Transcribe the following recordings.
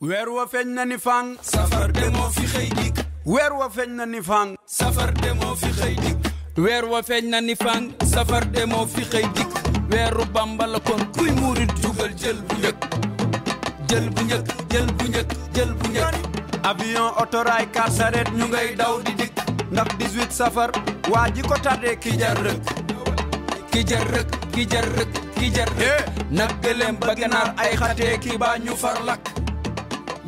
weer wa feeñ na ni fang. safar demoo fi xëy dikk. weer wa feeñ na ni fang. safar demoo fi xëy dikk. weer wa feeñ na ni fang. safar demoo fi xëy dikk. weeru bamba la kon kuy muurit jugal jël bu njëkk. jël bu njëkk jël bu njëkk jël bu njëkk. avion otoraay car saret ñu ngay daw di dikk. ndax 18 safar. waa ji ko tardé ki jar rëkk. ki jar rëkk ki jar rëkk ki jar rëkk. nag gëléem ba ganaar ay xatee ki baa ñu far lakk.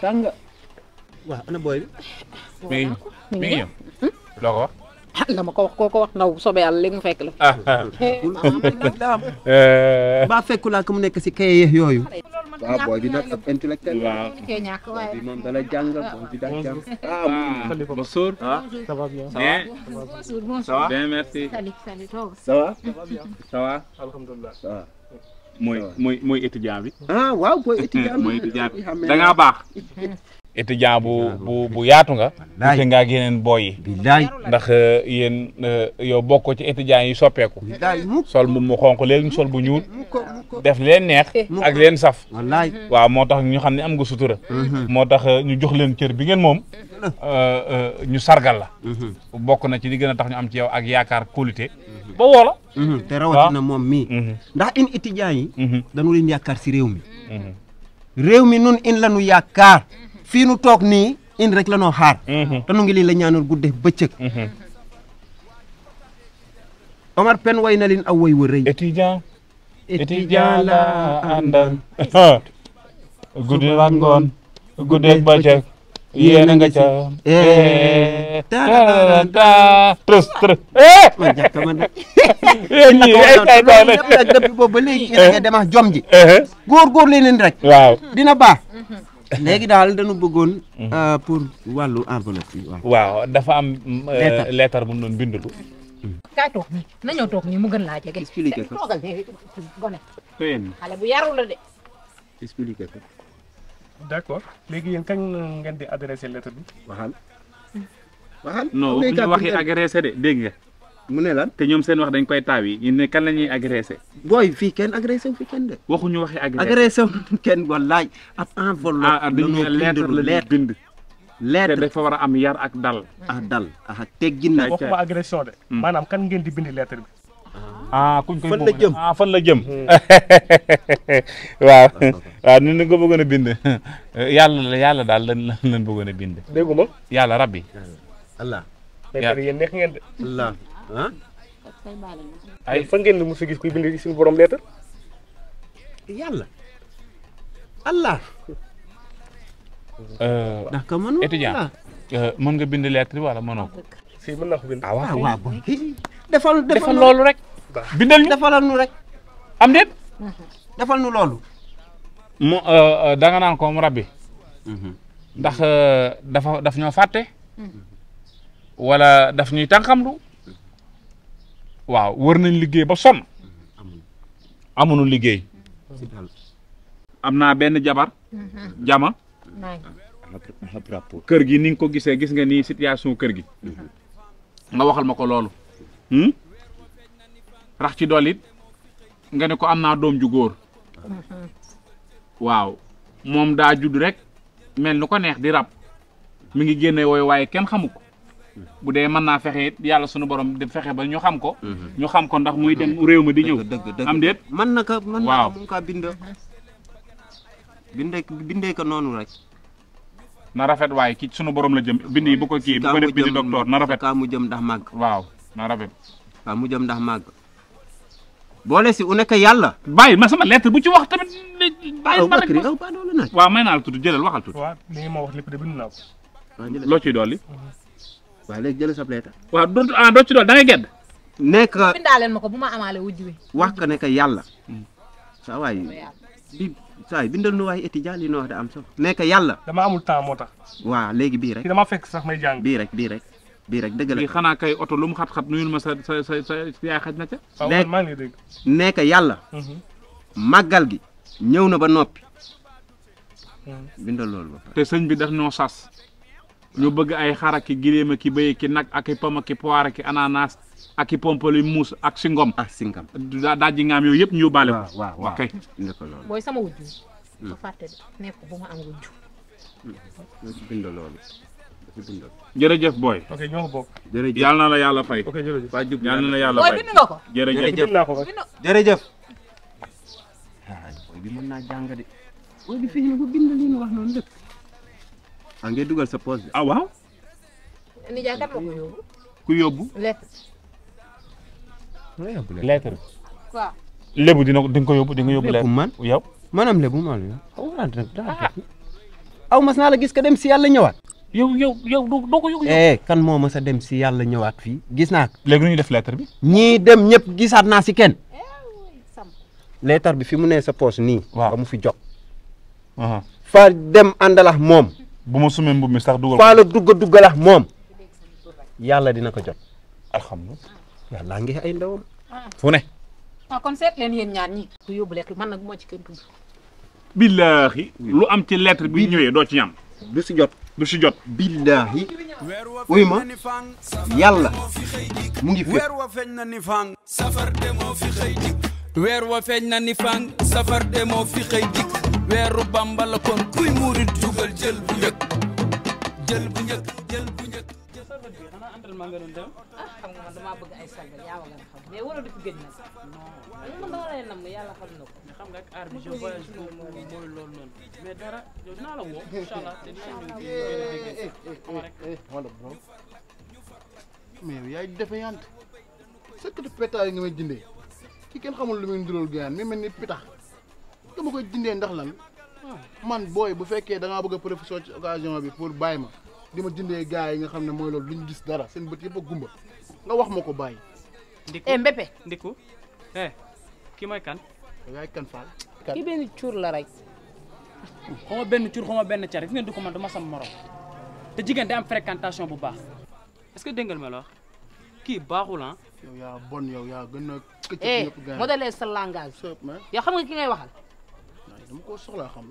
Tangga. Wah, bơi? boy? Ming. Ming lò Loko? Hala mo, kawak ko kawak nấu so be aling fake lo. Ba fake ko lang kung nekk si kay yoyu. Ah, boy bi nak ab intellectual. Waaw. Kay ñak way. Bi mom dala jang, boy bi da jang. Ah, bonsoir. Ah, ça va bien. Ça va. Bonsoir, bonsoir. Bien, merci. Salut, salut. Ça va? Ça va bien. Ça va? Alhamdulillah. Ça va. mooy mooy mooy étudiant bi. ah waaw da ngaa baax. étudiant bu bu bu yaatu nga. wute nga ak yeneen boy yi. ndax eh, yéen eh, yow bokko ci étudiant yi soppeeku. sol mu mu xonq ñu sol bu ñuul. def leen neex. ak leen saf. wallaay waaw moo tax ñu xam ne am nga sutura. Mm-hmm. moo tax eh, ñu jox leen cër bi ngeen moom. Mm-hmm. ñu sargal la. Mm-hmm. bokk na ci li gën a tax ñu am ci yow ak yaakaar qualité ba wola te rawatina moom mii. ndax in étudiant yi. dañu leen yaakaar si réew mi. réew mi nun in la yaakaar. Fi nu tok ni in rek la no xaar te nu ngi li la ñaanul gudde beccëk Omar pen way na aw way wa étudiant étudiant la andal gudde ak ngon gudde beccëk bëccëg nga ca ta trus trus man jàkka man ñi ay tay tay la depuis boobu ba léegi nga demax jom ji góor góor leen rek waaw dina baax léegi daal dañu bëggoon. Euh, pour wàllu enveloppe waaw. dafa am. Euh, leetar lettre bu mu doon bindulu. kaay toog nii na ñëw toog nii mu gën laa jege. expliqué ko toogal gone. xale bu yaru la de. expliqué ko. d' accord léegi yéen kañ ngeen di adressé lettre bi. waxal. Hmm. waxal non bu ñu de dégg mu ne lan te ñoom seen wax dañ koy taaw yi ñu ne kan la ñuy agressé. booy fi kenn agressé wu fi kenn de. waxuñu waxi agressé agressé wu kenn wallaay ab enveloppe. ah, ah dañuy lettre la bind. lettre dafa war a am yar ak dal. a ah, dal ah teggin na. waxuma agression de. Hmm. maanaam kan ngeen di bind lettre bi. Ah. ah kuñ koy fan la jëm ah fan la jëm. Hmm. waaw waaw ni ñu ko bëggoon a bind. yàlla la yàlla daal lan lan bëggoon a bind. dégguma yàlla rabbi. allah. yàlla yéen neex de. ah. ay fa ngeen mos a gis kuy bind suñu borom lettre yàlla allah. Euh, ndax ka euh, mën nga bind lettre wala mënoo ko. si mën naa ko bind. ah, ah defal defal loolu rek. bindal ñu defalal ñu rek. am déet. defal nu loolu. mu euh, da nga naan ko rabbi. Mhm. ndax dafa daf ñoo fàtte. Mhm. wala daf ñuy tànqamlu. waaw wër nañ liggéey ba sonn mm-hmm. amuñu liggéey am naa benn jabar mm-hmm. jama kër gi ni nga ko gisee gis nga ni situation kër gi mm-hmm. nga waxal ma ko loolu hmm? rax ci dollit nga ne ko am naa doom ju góor waaw moom daa judd rek mel nu ko neex di rab mi ngi génne wooyu waaye kenn xamu ko bu dee man naa fexe it yàlla sunu borom di fexe ba ñu xam ko. Mhm. ñu xam ko ndax muy dem réew ma di ñëw. am déet mën na ko mën na ko mën kaa bind. bindee bindee ko noonu rek. na rafet waaye ki sunu borom la jëm bind bu ko kii bu ko def bind mu jëm ndax màgg. waaw na rafet. kaa mu jëm ndax màgg. boole si u nekk yàlla. bàyyi ma sama lettre bu ci wax tamit. bàyyi ma rek waaw may naa waaw léegi jëlee sab leeta. waaw doo ah doo ci ko bu ma amaale wujj wi. wax ka ne que yàlla. Mm. nu waay étudiant nekk yàlla. dama amul temps moo tax. waaw léegi bii rek. dama fekk sax may bii rek bii rek. bii rek dëgg la xanaa kay oto lu mu xat-xat nuyul ma sa sa sa sa yaay xaj na ca. nekk maa ngi dégg. nekk yàlla. Mhm. màggal gi ñëw na ba noppi. Mhm. bindal ba te sëñ bi daf noo sas. ñu bëgg ay xar ak gileem ak bëy ki nag ak pam ak poire ak ananas ak pompoli mousse ak singom ah singam da daaji ngam yoy yep ñu balé ah, waaw waaw kay ndiko lool moy sama wujju ko hmm. faté né ko buma am wujju ci bindo lool jerejef boy ok ñoo bok jërëjëf yalla na la yalla fay ok jerejef ba jub yalla na la yalla fay boy bind boy bi mën na jàng boy bi fi ñu ko bind li ñu wax non lepp nga dugal sa poche ah waaw ni jaakat mako yobbu ku yobbu lettre lettre quoi lebu dina ko ding ko yobbu ding yobbu lettre man yow manam lebu man yow wala dina da ah. aw mas la gis ka dem si yalla ñewat yow yow yow do ko eh kan mo ma sa dem si yalla ñewat fi gis na legui ñu def lettre bi ñi dem ñep gisat na si ken eh lettre bi fi mu ne sa poche ni ba mu fi jox fa dem andalah mom buma sumé sumee mbub mi sax dugal fa la dugg duggalax mom yalla dina ko jot alhamdulilah yalla ngi ay ndawum fu ne ah kon set len yeen ñaar ñi ku yóbbu lekk man nak mo ci kenn tudd billaahi lu am ci lettre bi ñëwee do ci ñam du ci jot du ci jot billahi oui ma yalla mu ngi fi wa feñ na ni fang safar de mo fi xey dik weer wa feñ na ni fang safar de mo fi xey dik weeru bamba la kon kuy mourid jël bu njëkk jël bu njëkk jël bu njëkk. Ah, salbat ma gën a xam mais nag. non man dama lay nam yàlla na ko. xam nga mais dara a déggee xam rek. Eh, wala bro mais nga may jëndee ki kenn xamul lu muy ndural gayaan mais mel ni pitax dama koy jëndee ndax lan man booy bu fekkee da bëgg a profession ci occasion bi pour baay ma di ma dindee gars yi nga xam ne mooy loolu duñ gis dara seen bët yëpp gumba nga wax ma ko bàyyi. ndiku eh Mbépé ndiku eh kii kan. yaay kan Fall. ki benn cuur la rek. xaw ma benn cuur benn car fi ngeen di ko man du sam morom te jigéen day am fréquentation bu baax. est-ce ma la wax kii baaxul ah. yow yaa bon yow gën a. këcc eh, ñëpp gars yi eh modeler sa xam nga ki ngay waxal. dama ko soxlaa xam.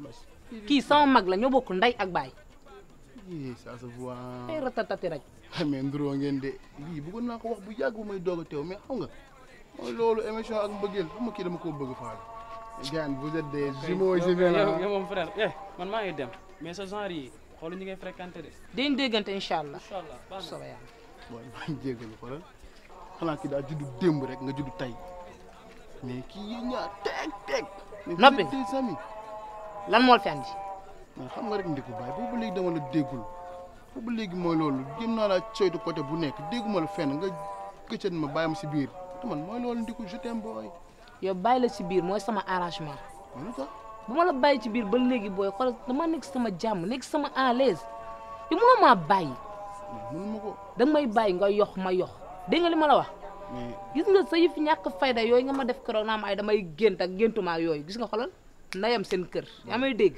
kii sama mag la ñoo bokk ndey ak baay. ça se voit. ay ratatati rek. mais nduroo ngeen de lii bëggoon naa ko wax bu yàgg bu may doog teew mais xam nga mooy loolu émission ak mbëggeel xam nga kii dama koo bëgg faal. gaan vous eh, man maa ngi dem mais sa genre yi xool ñi ngay fréquenté de. dañ déggante incha allah. incha allah baax na waaw maa ngi jéggalu xoolal xanaa daa juddu démb rek nga juddu tey mais kii yi ñaar teg teg. noppi lan moo la fi andi. xam nga rek ndiku déggul boobu léegi mooy loolu jëm naa la coytu côté bu nekk dégguma la fen nga këccët ma bàyyi ma si biir man mooy loolu ndiku je t'aime booy. yow bàyyi la si biir mooy sama arrangement. bu ma la bàyyi ci biir ba léegi booy xool dama nekk sama jàmm nekk sama à l'aise yow mënoo maa bàyyi. mënuma ko. may bàyyi nga yox ma yox dégg ma la wax. gis nga sa yëf ñàkk fayda yooyu nga ma def keroog naa ma ay damay gént ak géntuma yooyu gis nga xolal ndayam seen kër yaa may dégg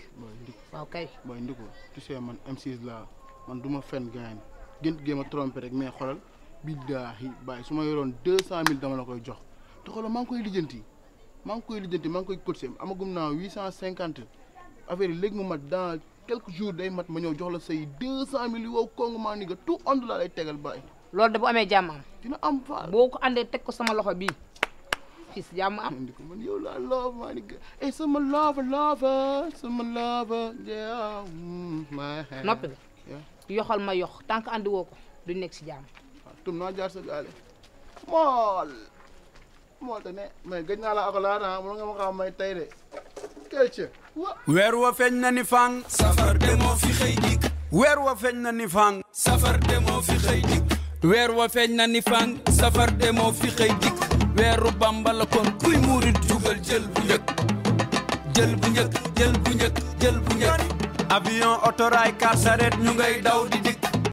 waaw kay booy ndiko tu sais man m laa man du ma fen gayan gént gée ma trompé rek mais xolal billaahi bàyyi su ma yoroon deux cent mille dama la koy jox te xolal maa koy lijjanti maa ngi koy lijjanti maa ngi koy cotisé amagum naa huit cent cinquante affaire yi léegi mu mat dans quelques jours day mat ma ñëw jox la say deux cent mille yow kongu Lor de bu amé jamm am. dina am fa boko andé tek ko sama loxo bi fii si am. man man yow la love man e eh, sama love love sama love yeah. Mm-hmm, nopi nga. yoxal ma yox tank andi woko du nek ci jamm jàmm. waaw ah, tum naa jaar sa gaale. mol mol tane may gëj la ak laa ah, nga ma xam may tay de. kelche wer wa feeñ na ni fang. safar demoo fi xey dik wer wa feeñ na ni fang. safar demoo fi xey dik weer wa feeñ na ni fang safar de fi xëy dikk weeru bàmba la kon kuy muurit jugal jël bu njëkk jël bu njëkk jël bu njëkk avion otoraay car ñu ngay daw di dikk